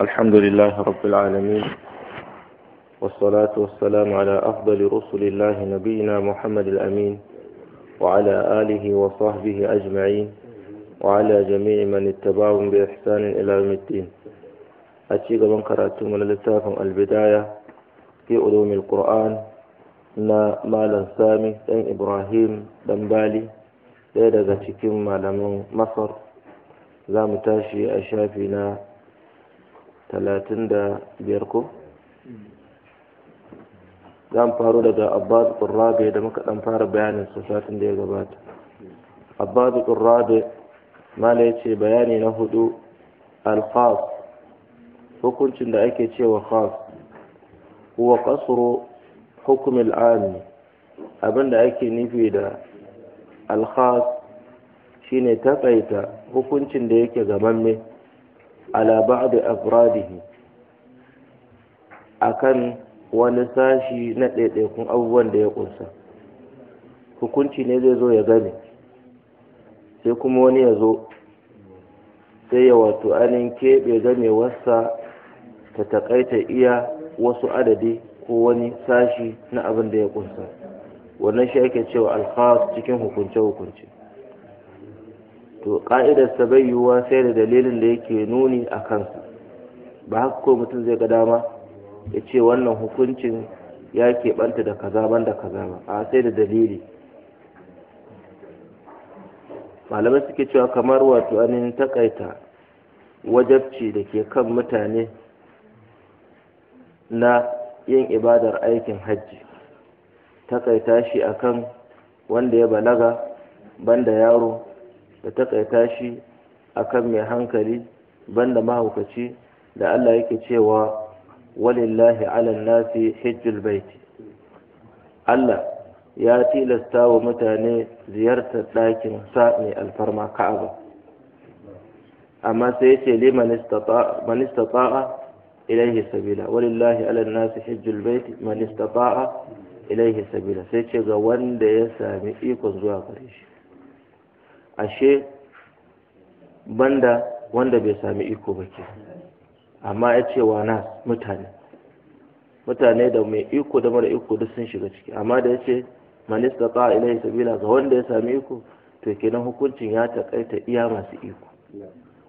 الحمد لله رب العالمين والصلاة والسلام على أفضل رسل الله نبينا محمد الأمين وعلى آله وصحبه أجمعين وعلى جميع من اتبعهم بإحسان إلى يوم الدين أتيك من قرأت من البداية في علوم القرآن نا مالا سامي ɗan إبراهيم دنبالي لذا ɗaya مالا cikin malaman Masar za mu talatin da biyar ko za mu faro daga abbas ƙurrabe da muka ɗan fara bayanin su satin da ya gabata abbas ƙurrabe mala ya ce bayani na hudu alfas hukuncin da ake cewa khas huwa kasro hukumin al'ami abinda ake nufi da alkhas shine taƙaita hukuncin da yake gamamme ala ba'd afradihi akan wani sashi na ɗaiɗaikun abubuwan da ya ƙunsa hukunci ne zai zo ya gane sai kuma wani ya zo sai ya wato anin keɓe gamewarsa ta takaita iya wasu adadi ko wani sashi na abin da ya ƙunsa wannan shi ake cewa alkhas cikin hukunce-hukunce to ƙa'idar sa bai sai da dalilin da yake nuni a kansa ba haka ko mutum zai ga dama ya ce wannan hukuncin ya keɓanta da kaza ban da kaza ba a sai da dalili malamai suke cewa kamar wato anin takaita wajabci da ke kan mutane na yin ibadar aikin hajji takaita shi akan wanda ya balaga banda yaro da takaita shi akan mai hankali banda mahaukaci da Allah yake cewa walillahi ala nasi hijjul baiti Allah ya tilasta wa mutane ziyartar ɗakin sa mai alfarma ka'aba amma sai yace li man istata'a ilaihi sabila walillahi ala nasi hijjul baiti man istata'a ilaihi sabila sai ce ga wanda ya sami ikon zuwa gare shi ashe banda wanda bai sami iko ba ke amma ya ce wa nas mutane mutane da mai iko da mara iko duk sun shiga ciki amma da ya ce manista ta ilai sabila ga wanda ya sami iko to kenan hukuncin ya taƙaita iya masu iko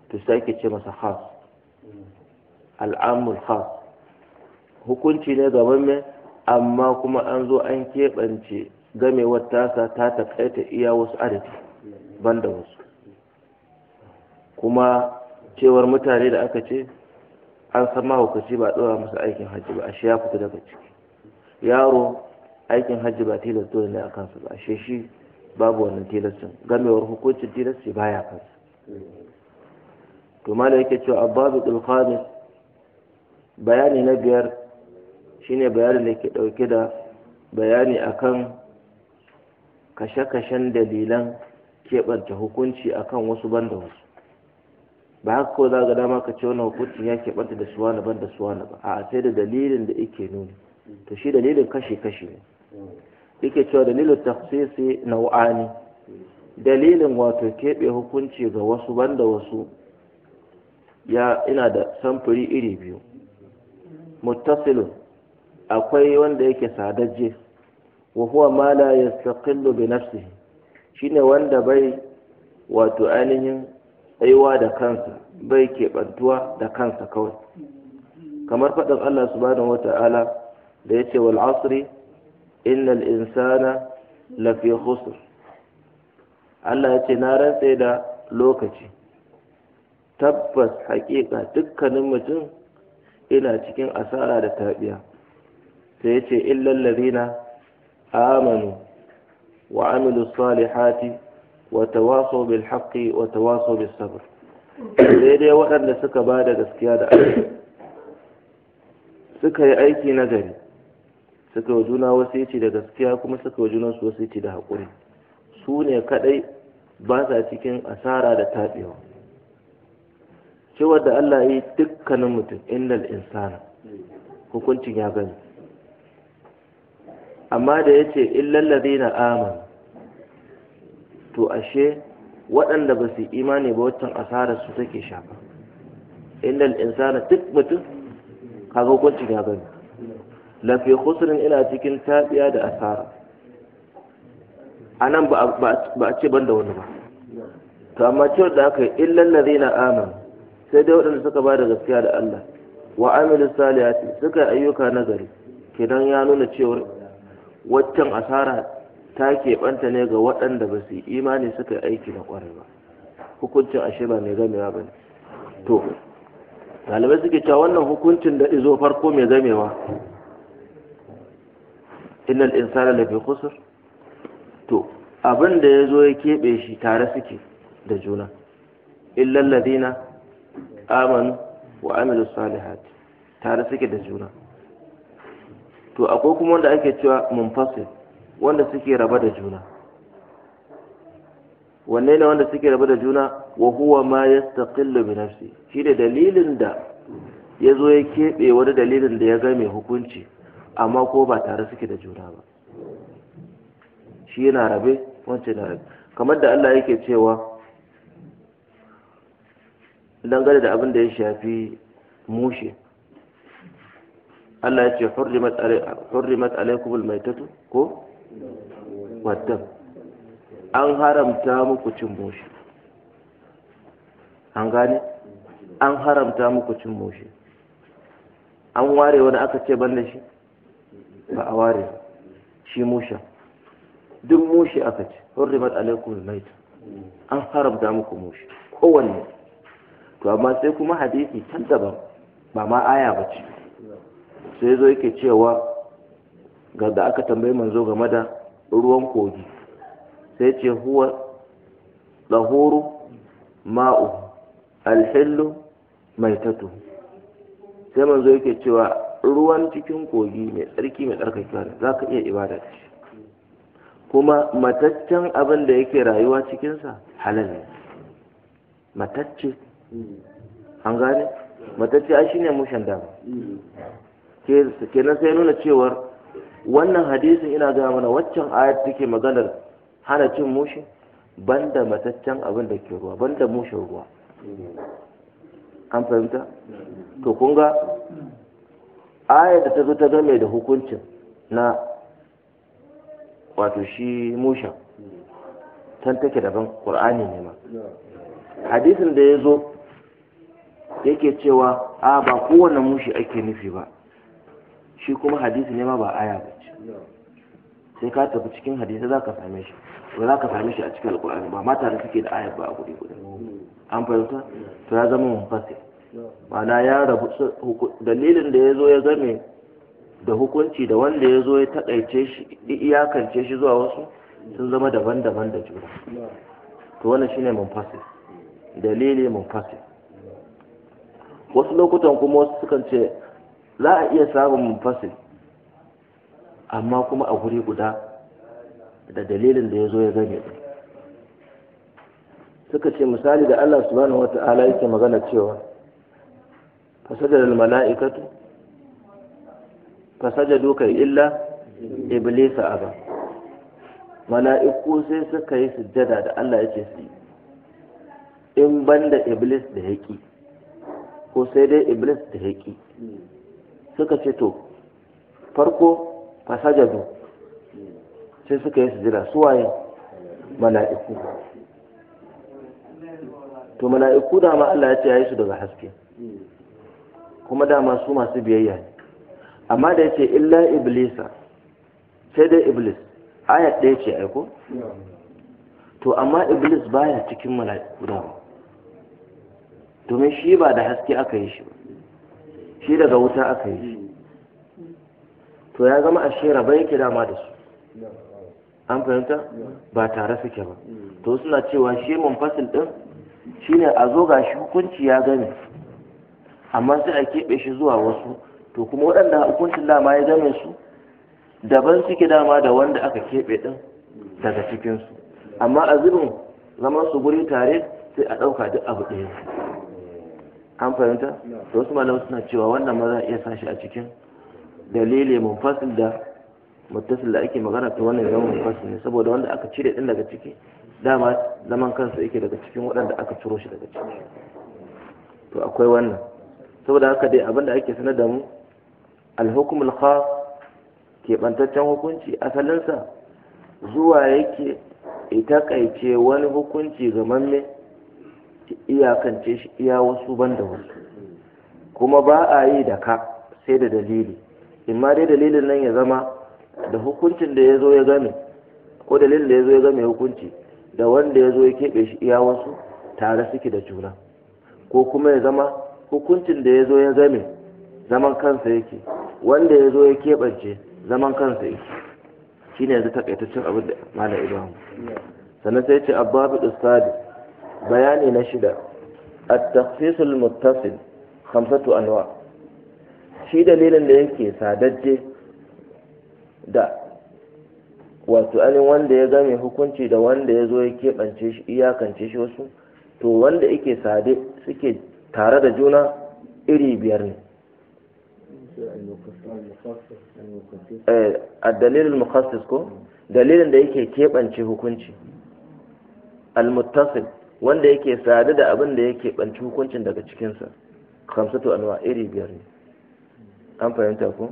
to sai ke ce masa khas al'amul khas hukunci ne gaban mai amma kuma an zo an keɓance gamewar tasa ta taƙaita iya wasu adadi ban da wasu kuma cewar mutane da aka ce an san mahaukaci ba ɗora masa aikin hajji ba ashe ya fita daga ciki yaro aikin hajji ba tilas ne a kansa ba ashe shi babu wannan tilastin gamewar hukuncin tilasti baya kansa to mala yake cewa abbasu dulkhamis bayani na biyar shine bayani da ke ɗauke da bayani akan kashe-kashen dalilan keɓanta hukunci akan wasu ban da wasu ba haka kawai za ga dama ka ce wannan hukuncin ya keɓanta da suwa na da suwa na ba a sai da dalilin da yake nuni to shi dalilin kashe-kashe ne yake cewa dalilin tafsisi nau'ani dalilin wato keɓe hukunci ga wasu ban da wasu ya ina da samfuri iri biyu muttasilun akwai wanda yake sadaje wa huwa ma la yastaqillu bi nafsihi shine wanda bai wato ainihin tsayuwa da kansa bai keɓantuwa da kansa kawai kamar faɗin Allah subhanahu wata'ala da ya ce wal asri innal insana lafi khusr Allah yace na rantse da lokaci tabbas haƙiƙa dukkanin mutum ina cikin asara da tabiya sai ya ce illal ladina amanu وعملوا الصالحات وتواصوا بالحق وتواصوا بالصبر daidai waɗanda suka ba da gaskiya da suka yi aiki na gari suka yi juna wasici da gaskiya kuma suka yi juna wasici da haƙuri su ne kaɗai ba sa cikin asara da taɓewa cewar da Allah yi dukkanin mutum inda insana hukuncin ya gani amma da ya ce illallazi na aman to ashe waɗanda ba su imani ba waccan asarar su take shafa innal insana duk mutum kaga hukunci ya gani lafi khusrin ina cikin tabiya da asara anan ba ba a ce banda wani ba to amma cewar da aka yi illal na aman sai dai waɗanda suka ba da gaskiya da Allah wa amilus saliyati suka ayyuka nagari kidan ya nuna cewar. waccan asara ta keɓanta ne ga waɗanda ba su imani suka yi aiki na ƙwarai ba hukuncin ashe ba mai gamewa ba ne to ɗalibai suke cewa wannan hukuncin da izo farko mai gamewa innal insana lafi kusur to abin da ya zo ya keɓe shi tare suke da juna illal ladina amanu wa amilu salihat tare suke da juna to akwai kuma wanda ake cewa munfasil wanda suke raba da juna wanne ne wanda suke raba da juna wa huwa ma yastaqillu bi nafsi shi da dalilin da ya zo ya keɓe wani dalilin da ya ga mai hukunci amma ko ba tare suke da juna ba shi yana rabe wancan na rabe kamar da Allah yake cewa dangane da abin da ya shafi mushe Allah ya ce hurrimat alaikum almaitatu ko waddam an haramta muku cin moshi an gane an haramta muku cin moshi an ware wani aka ce ban da shi ba a ware shi musha duk mushi aka ce hurrimat alaikum almaitatu an haramta muku mushi kowanne to amma sai kuma hadisi can daban ba ma aya ba ce sai zo yake cewa ga da aka tambayi manzo game da ruwan kogi sai ce huwa ɗahuru ma'u alhillu mai tatu sai manzo yake cewa ruwan cikin kogi mai tsarki mai tsarkakewa ne za ka iya ibada ce kuma mataccen abin da yake rayuwa cikinsa halal ne matacce an gane matacce shi shine mushen dama kenan sai nuna cewar wannan hadisin ina gaya mana waccan ayat take maganar hana cin mushi banda mataccen abin da ke ruwa banda mushi ruwa an fahimta to kun ga ayat da ta zo ta game da hukuncin na wato shi mushi tan take daban qur'ani ne ma hadisin da ya zo yake cewa a ba kowane mushi ake nufi ba shi kuma hadisi ne ma ba aya ba ce sai ka tafi cikin hadisi za ka same shi ba za ka same shi a cikin alkur'ani ba mata da suke da aya ba a guri guda an fahimta to ya zama fasi ma'ana ya rabu dalilin da ya zo ya zame da hukunci da wanda ya zo ya takaice shi iyakance shi zuwa wasu sun zama daban-daban da juna to wannan shine mun fasi dalili mun fasi wasu lokutan kuma wasu sukan ce za a iya samun munfasil amma kuma a guri guda da dalilin da ya zo ya gane suka ce misali da Allah subhanahu wata'ala yake magana cewa fasajar mala'ikatu fasajar dukai illa iblisa aba mala'iku sai suka yi sujjada da Allah ya ce su yi in banda iblis da haƙi ko sai dai iblis da haƙi suka ce to farko fasajadu sai suka yi sujira waye mala'iku to mala'iku dama Allah ya ce ya yi su daga haske kuma dama su masu biyayya ne amma da ya ce illa iblisa sai dai iblis ayat ɗaya ce aiko to amma iblis baya cikin mala'iku dama domin shi ba da haske aka yi shi ba shi daga wuta aka yi to ya zama a shera bai yake dama da su an fahimta ba tare suke ba to suna cewa shi fasil din shine a zo ga shi hukunci ya gane amma sai a keɓe shi zuwa wasu to kuma waɗanda hukuncin dama ya game su daban suke dama da wanda aka keɓe ɗin daga cikinsu amma a zubin zaman su guri tare sai a ɗauka duk abu ɗaya an fahimta da wasu malamai suna cewa wannan ma za a iya sashi a cikin dalili fasil da mutasil da ake magana ta wannan zaman fasil ne saboda wanda aka cire din daga ciki dama zaman kansa yake daga cikin waɗanda aka ciro shi daga ciki to akwai wannan saboda haka dai abinda ake sanar da mu alhukum alkhas keɓantaccen hukunci asalinsa zuwa yake ita kaice wani hukunci ga mamme iyakance shi iya wasu ban da wasu kuma ba a yi da ka sai da dalili imma dai dalilin nan ya zama da hukuncin da ya zo ya game ko dalilin da ya zo ya game hukunci da wanda ya zo ya keɓe shi iya wasu tare suke da juna ko kuma ya zama hukuncin da ya zo ya game zaman kansa yake wanda ya zo ya keɓance zaman kansa yake shine yanzu takaitaccen abin da malam ibrahim sannan sai ce abba bi bayani na shida a tafisul al hamsatu khamsatu anwa shi dalilin da yake sadajje da wato anin wanda ya game hukunci da wanda ya zo ya keɓance shi iyakance shi wasu to wanda yake sade suke tare da juna iri biyar ne eh, a dalilin mukhassis ko dalilin da yake keɓance hukunci al-muttasil wanda yake sadu da abin da yake ɓanci hukuncin daga cikinsa to anwa iri biyar ne an fahimta ku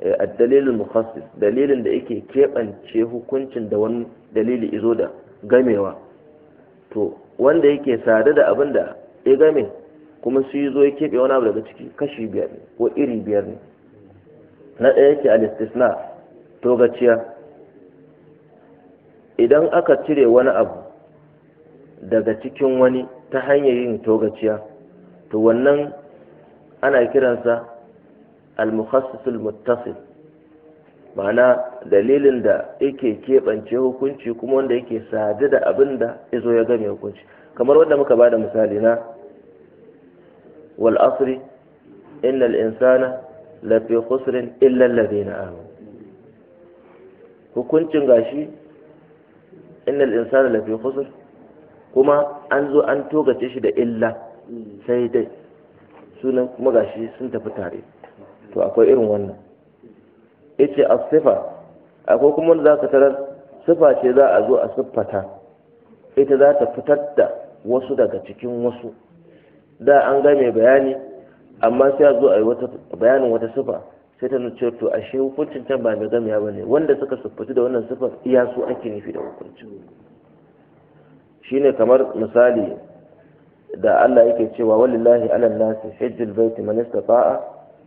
eh, a dalilin mukhassis dalilin da yake keɓance hukuncin da wani dalili izo da gamewa to wanda yake sadu da abin da ya game kuma su yi zo ya keɓe wani abu daga ciki kashi biyar ne ko iri biyar ne na ɗaya yake alistisna togaciya idan aka cire wani abu daga cikin wani ta hanyar yin togaciya to wannan ana kiransa al-mukhassisul muttasil ma'ana dalilin da yake keɓance hukunci kuma wanda yake sadu da abin da izo ya game hukunci kamar wanda muka bada misali na wal asri innal insana fi khusrin illa alladhina amanu hukuncin gashi innal insana fi khusr kuma an zo an togace shi da illa sai dai sunan kuma gashi sun tafi tare to akwai irin wannan yace a sifa akwai kuma wanda zaka tarar sifa ce za a zo a siffata ita za ta fitar da wasu daga cikin wasu da an ga mai bayani amma sai a zo a yi wata bayanin wata sifa sai ta nuna to ashe hukuncin can ba mai gamiya bane wanda suka siffatu da wannan sifa iya su ake nufi da hukuncin shine kamar misali da Allah yake cewa walillahi alal nasi hajjul baiti man istata'a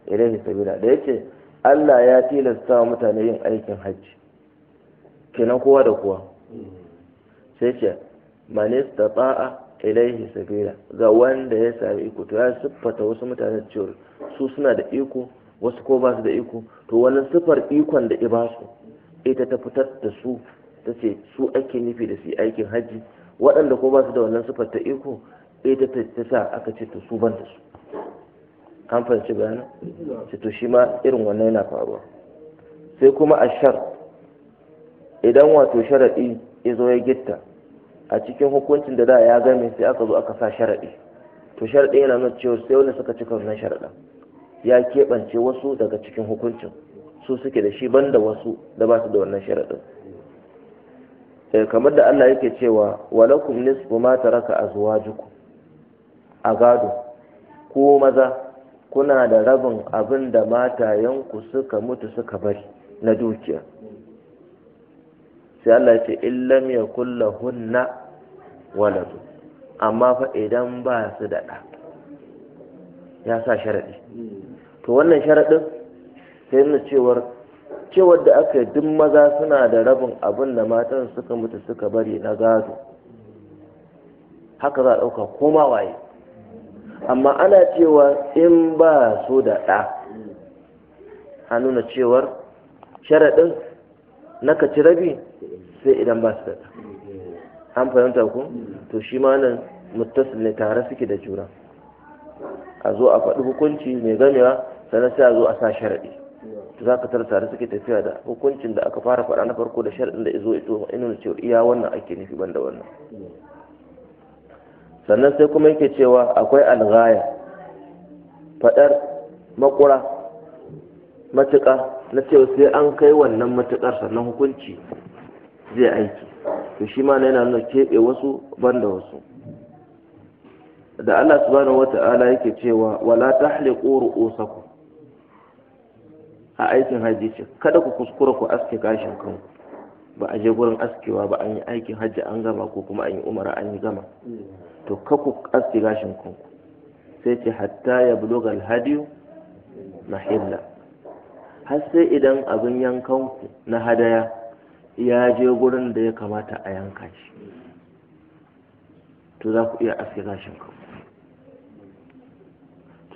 ilayhi sabila da yace Allah ya tilasta wa mutane yin aikin hajji kenan kowa da kowa sai ce man istata'a ilayhi sabila ga wanda ya sami iko to ya siffata wasu mutane cewa su suna da iko wasu ko ba su da iko to wani siffar ikon da ibasu ita ta fitar da su ta ce su ake nufi da su aikin hajji waɗanda ko ba su da wannan sifar ta iko ita ta sa aka ce to su ban da su an fahimci bayanin ce to shi ma irin wannan yana faruwa sai kuma a shar idan wato sharaɗi ya zo ya gitta a cikin hukuncin da za a ya game sai aka zo aka sa sharaɗi to sharaɗi yana nuna cewa sai wanda suka cika wannan sharaɗa ya keɓance wasu daga cikin hukuncin su suke da shi banda wasu da ba su da wannan sharaɗin Eh, kamar da Allah yake cewa walakum nisfu ma taraka azwajukum a gado ko maza kuna da rabin abin da matayenku suka mutu suka bari na dukiya sai Allah ce illam yakul lahunna waladu amma fa idan ba su da ɗa ya sa sharaɗi to wannan sharaɗin sai cewar cewar da aka yi duk maza suna da rabin abin da matan suka mutu suka bari na gado haka za a ɗauka koma waye amma ana cewa in ba so da ɗa a nuna cewar sharaɗin na kaci rabi sai idan ba su da ɗa an fahimta ku to shi ma nan ne tare suke da juna a zo a faɗi hukunci mai gamewa sannan sai a zo a sa sharaɗi za ka tara tare suke tafiya da hukuncin da aka fara faɗa na farko da sharɗin da izo ito ina cewa iya wannan ake nufi banda wannan sannan sai kuma yake cewa akwai algaya faɗar makura matuƙa na cewa sai an kai wannan matuƙar sannan hukunci zai aiki to shi ma yana nuna keɓe wasu banda wasu da Allah subhanahu wata'ala yake cewa wala tahliqu ru'usakum a aikin hajji ce kada ku kuskura ku aske gashin kan ba a je gurin askewa ba an yi aikin hajji an gama ko kuma an yi umara an yi gama to ka ku aske gashin kan sai ce hatta ya buloga alhadiyu mahilla har sai idan abin yankan ku na hadaya ya je gurin da ya kamata a yanka shi to za ku iya aske gashin kan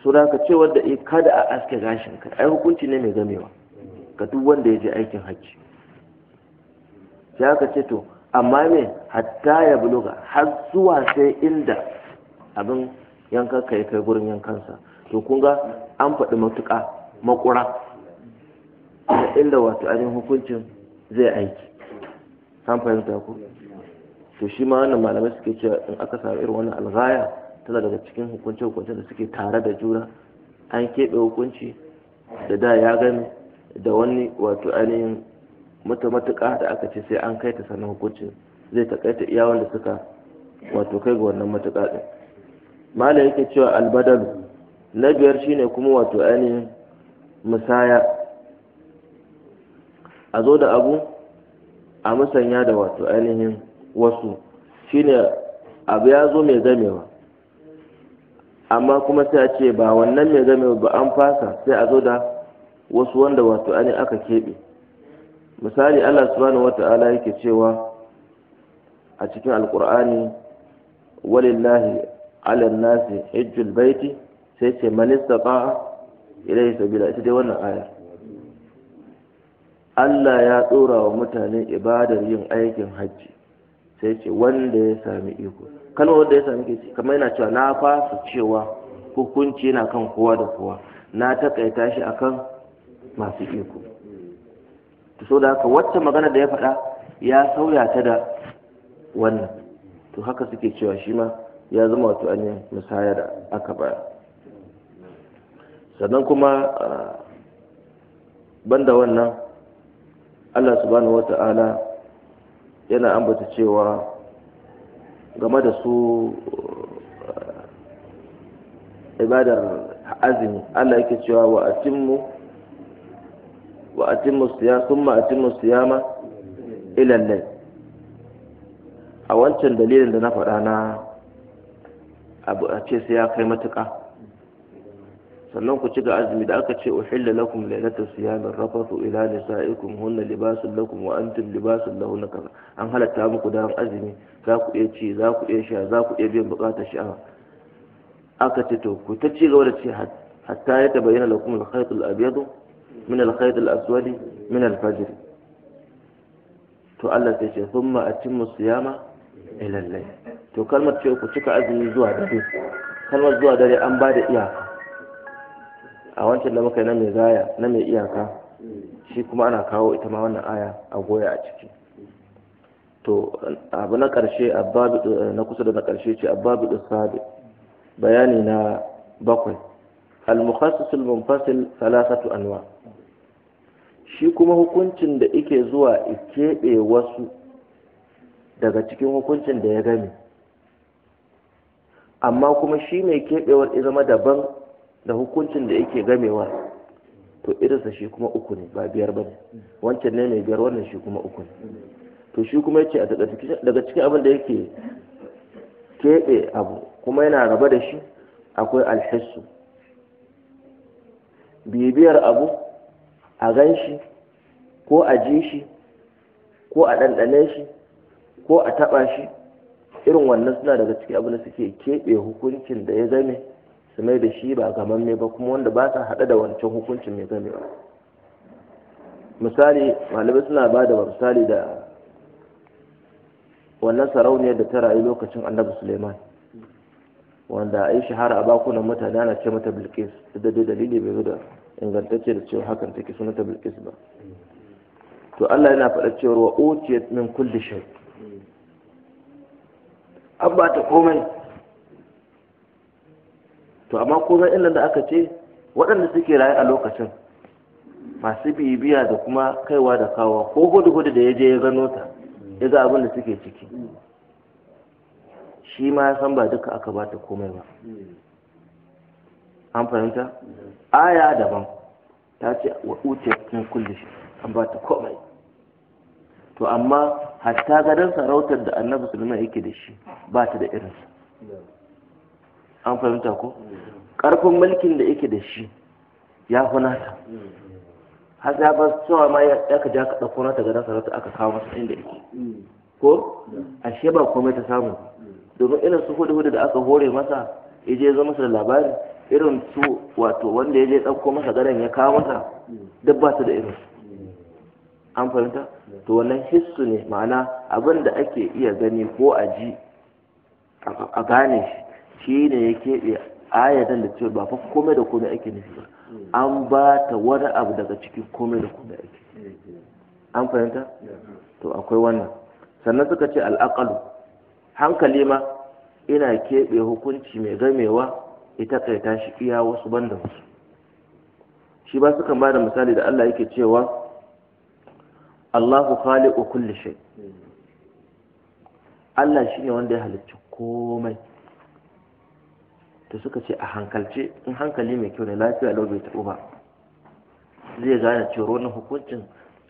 suna ka ce wanda kada a aske gashin ka ai hukunci ne mai gamewa ka duk wanda ya je aikin hajji sai aka ce to amma me hatta ya buluga har zuwa sai inda abin yankan kai kai gurin yankansa to kun ga an faɗi matuƙa makura da inda wato ainihin hukuncin zai aiki an fahimta ku to shi ma wannan malamai suke cewa in aka samu irin wannan alghaya tana daga cikin hukunce-hukunce da suke tare da juna an keɓe hukunci da da ya gani da wani wato ainihin mata matuƙa da aka ce sai an kai ta sannan hukuncin zai takaita iya wanda suka wato kai ga wannan matuƙa ɗin mala yake cewa albadal na biyar shine kuma wato ainihin musaya a zo da abu a musanya da wato ainihin wasu shine abu ya zo mai zamewa amma kuma sai a ce ba wannan mai game ba an fasa sai a zo da wasu wanda wato ani aka keɓe misali Allah subhanahu wata'ala yake cewa a cikin alkur'ani walillahi ala nasi hijjul baiti sai ce man istata'a ilayhi sabila ita dai wannan aya Allah ya tsora wa mutane ibadar yin aikin hajji sai ce wanda ya sami iko kalmar wanda ya sami iko kamar yana cewa na fasa cewa hukunci yana kan kowa da kowa na takaita shi akan masu iko to so da haka wacce magana da ya faɗa ya sauya ta da wannan to haka suke cewa shi ma ya zama wato an yi musaya da aka baya sannan kuma ah, banda wannan Allah subhanahu ta'ala. yana ambata cewa game da su eh, ibadar azumi Allah yake cewa wa atimmu wa atimmu siyama thumma atimmu siyama ila a wancan dalilin da na faɗa na abu a ce sai ya kai matuƙa sannan ku ci ga azumi da aka ce uhilla lakum lailatul siyamin rafathu ila nisaikum hunna libasun lakum wa antum libasun lahunna kaza an halatta muku da azumi za ku iya ci za ku iya sha za ku iya biyan bukatar sha'awa aka ce to ku ta ci gaba da ci hatta ya tabayyana lakum al-khayt al-abyad min al-khayt al-aswad min al-fajr to Allah sai ce thumma atimmu siyama ila al-layl to kalmar ce ku cika azumi zuwa dare kalmar zuwa dare an ba da iyaka a wancan da muka yi na mai zaya na mai iyaka shi kuma ana kawo ita ma wannan aya a goya a ciki to abu na karshe eh, na kusa da na karshe ce da sabi bayani na bakwai al-mukhassis al-munfasil Salasatu anwa shi kuma hukuncin da ike zuwa ikebe wasu daga cikin hukuncin da ya gani. amma kuma shi mai keɓewar izama daban da hukuncin da yake gamewa to irinsa shi kuma uku ne ba biyar ba ne wancan ne mai biyar wannan shi kuma uku ne to shi kuma yace daga cikin abin da yake keɓe abu kuma yana raba da shi akwai alhissu bibiyar abu a gan shi ko a ji shi ko a ɗanɗane shi ko a taɓa shi irin wannan suna daga cikin abin da suke keɓe hukuncin da ya zame su mai da shi ba gaman ba kuma wanda ba sa haɗa da wancan hukuncin mai game ba misali malamai suna ba da misali da wannan sarauniyar da ta rayu lokacin annabi suleiman wanda a yi shahara a bakunan mutane ana ce mata bilkis da dai dalili bai zo da ingantacce da cewa hakan take mata bilkis ba to Allah yana faɗa cewa wa utiyat min kulli shai. an ba ta komai to amma komai illan da aka ce waɗanda suke raye a lokacin masu bibiya da kuma kaiwa da kawo ko gudu-gudu da ya je ya gano ta ya ga abin da suke ciki shi ma ya san ba duka aka ba ta komai ba an fahimta aya daban ta ce wa uce cikin kulle shi an ba ta komai to amma hatta gadon sarautar da annabi sulman yake da shi ba ta da irinsa an fahimta ko karfin mulkin da yake da shi ya fi nata har ya ba cewa ma ya ka ja ka ɗauko nata ga nasa aka kawo masa inda yake ko ashe ba komai ta samu domin irin su hudu hudu da aka hore masa ya je zo masa da labari irin su wato wanda ya je ɗauko masa garan ya kawo masa duk ba su da irin an fahimta to wannan hissu ne ma'ana abin da ake iya gani ko a ji a gane shi shi ne ya keɓe ayatan da cewa ba fa komai da komai ake nufi ba an ba ta wani abu daga cikin komai da komai ake an fahimta to akwai wannan sannan suka ce al'aƙalu. hankali ma ina keɓe hukunci mai gamewa ita kai shi iya wasu banda wasu shi ba sukan ba da misali da Allah yake cewa Allahu khaliqu kulli shay hmm. Allah shine wanda ya halicci komai da suka ce a hankalce in hankali mai kyau ne lafiya lau bai taɓu ba zai gane cewa wani hukuncin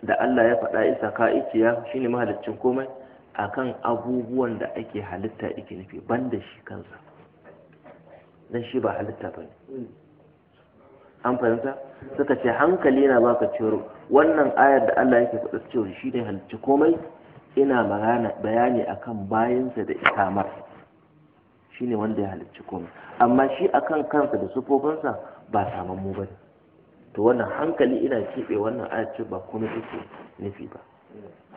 da Allah ya faɗa isa ka shi shine mahaliccin komai akan abubuwan da ake halitta ake nufi da shi kansa dan shi ba halitta ba ne an fahimta suka ce hankali na baka cewa wannan ayar da Allah yake faɗa cewa ne halicci komai ina bayani akan bayansa da ikamar Shi ne wanda ya halicci komai amma shi akan kansa da sufofinsa ba saman mu ba to wannan hankali ina keɓe wannan ayat ba komai take nufi ba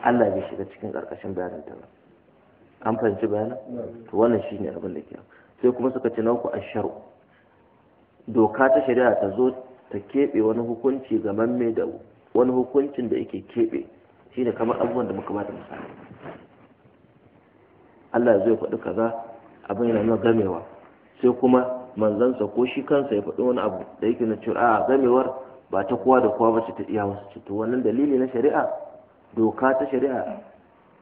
Allah bai shiga cikin ƙarƙashin bayanin ta ba an fahimci bayanin to wannan ne abin da ke sai kuma suka ce nauku asharu doka ta shari'a ta zo ta keɓe wani hukunci ga mamme da wani hukuncin da yake keɓe shine kamar abubuwan da muka ba da misali Allah ya zo ya faɗi kaza abin yana nuna gamewa sai kuma manzansa ko shi kansa ya faɗi wani abu da yake na cewa a gamewar ba ta kowa da kowa ba ce ta iya wasu cutu wannan dalili na shari'a doka ta shari'a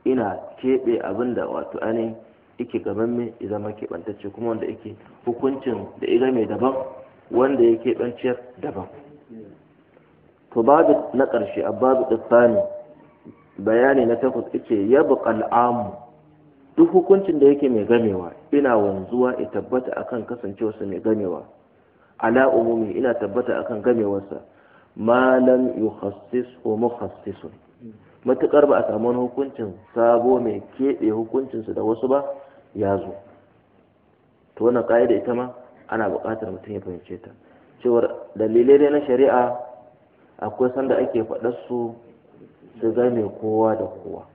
ina keɓe abin da wato ainihin yake gaban mai ya zama keɓantacce kuma wanda yake hukuncin da ya game daban wanda ya keɓanciyar daban to babu na ƙarshe a babu tsani bayani na takwas yake yabu al'amu duk hukuncin da yake mai gamewa ina wanzuwa ya tabbata akan kasancewarsa mai gamewa ala ina tabbata akan gamewarsa ma lam ko wa matukar ba a samu wani hukuncin sabo mai keɓe hukuncinsu da wasu ba ya zo to wannan ka'ida ita ma ana buƙatar mutum ya fahimce ta cewar dalilai dai na shari'a akwai sanda ake faɗar su su game kowa da kowa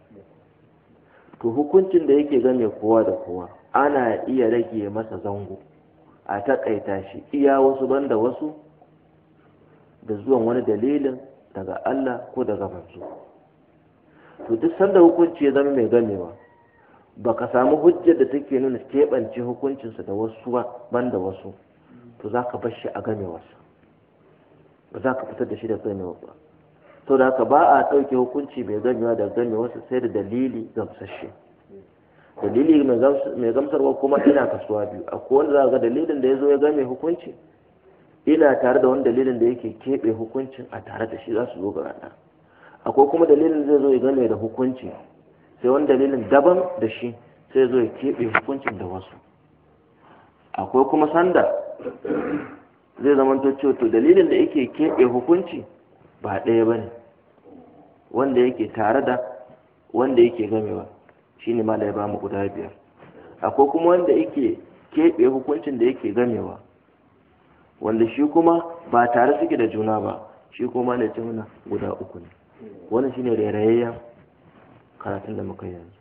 to hukuncin da yake game kowa da kowa ana iya rage masa zango a takaita shi iya wasu banda wasu da zuwan wani dalilin daga Allah ko daga manzo to duk sanda hukunci ya zama mai gamewa ka samu hujjar da take nuna keɓance hukuncinsa da wasu ba banda wasu to za ka bar shi a gamewarsa ba za ka fitar da shi da gamewa ba to da haka ba a ɗauke hukunci mai gamewa da wasu, sai da dalili gamsashe dalili mai gamsarwa kuma ina kasuwa biyu akwai kowane za a ga dalilin da ya zo ya game hukunci ina tare da wani dalilin da yake keɓe hukuncin a tare da shi za su zo ga rana akwai kuma dalilin zai zo ya game da hukunci sai wani dalilin daban da shi sai zo ya keɓe hukuncin da wasu akwai kuma sanda zai cewa to dalilin da yake keɓe hukunci ba ɗaya ba ne wanda yake tare da wanda yake gamewa shine da ya mu guda biyar akwai kuma wanda yake keɓe hukuncin da yake gamewa wanda shi kuma ba tare suke da juna ba shi kuma ne tuna guda uku ne wannan shine rairayayyen karatun da muka yanzu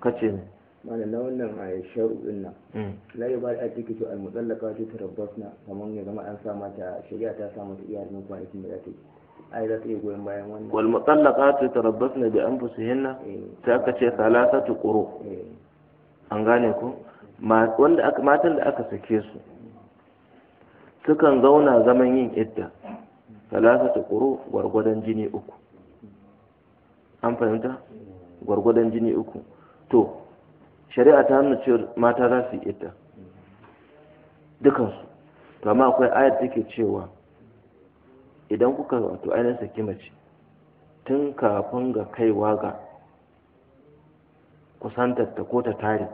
kace ne mana na wannan a sharu din nan mm. la ya da ake kitu al mutallaka ta tarabbasna kamar ya zama an sama ta shari'a ta sa mata iyalin kwanakin da za ta yi ai za ta iya goyon bayan wannan wal mutallaka ta tarabbasna bi anfusihinna eh. sai aka ce salasatu quru eh. an gane ko wanda aka matan da aka sake su sukan zauna zaman yin idda salasatu quru gwargwadon jini uku an fahimta eh. gwargwadon jini uku to shari'a ta hannu cewa mata za su yi idda dukansu to amma akwai ayar ke cewa idan kuka wato ainihin saki mace tun kafin ga kaiwa ga kusantarta ko ta tare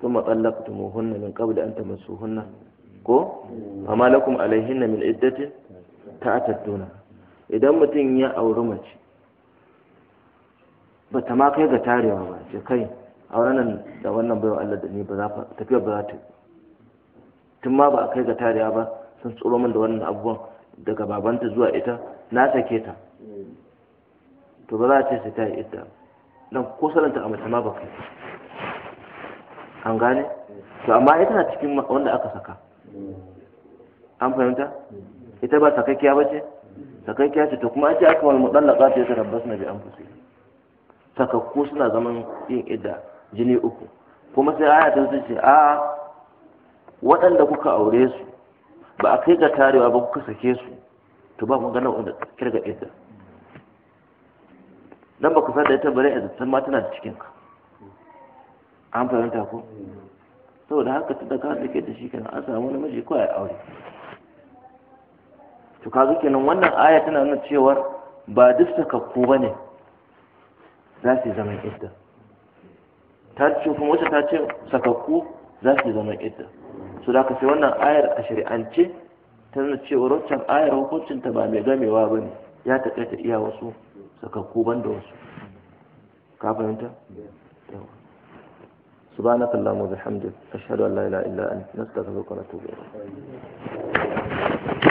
kuma tsallakta muhunna min da an hunna ko amma lakum na min iddatin ta'atadduna idan mutum ya auri mace ba ta ma kai ga tarewa ba ce kai a wannan da wannan baiwa Allah da ni ba za fa tafi ba za ta tun ma ba a kai ga tarewa ba sun tsoro min da wannan abubuwan daga babanta zuwa ita na sake ta to ba za a ce ta yi ita dan ko salanta a mace ma ba kai an gane to amma ita na cikin wanda aka saka an fahimta ita ba sakakkiya ba ce sakakkiya ce to kuma ake ce aka wani mudallaka ce ta rabbas na bi an fusi sakakku suna zaman yin idda jini uku kuma sai aya ta ce a waɗanda kuka aure su ba a kai ga tarewa ba kuka sake su to ba mun ganin wanda kirga idda dan baka san da ita bare idda san ma tana da cikin ka an fahimta ko saboda haka tunda ka take da shi kenan an samu namiji ko ya aure to kaga kenan wannan aya tana nuna cewa ba duk sakakku bane ne za su yi zaman idda ta ce kuma wacce ta ce sakakku za su yi zaman idda su da sai wannan ayar a shari'ance ta nuna cewa waccan ayar hukuncinta ba mai gamewa ba ne ya taƙaita iya wasu sakakku ban da wasu ka fahimta سبحانك اللهم وبحمدك أشهد أن لا إله إلا أنت نستغفرك ونتوب إليك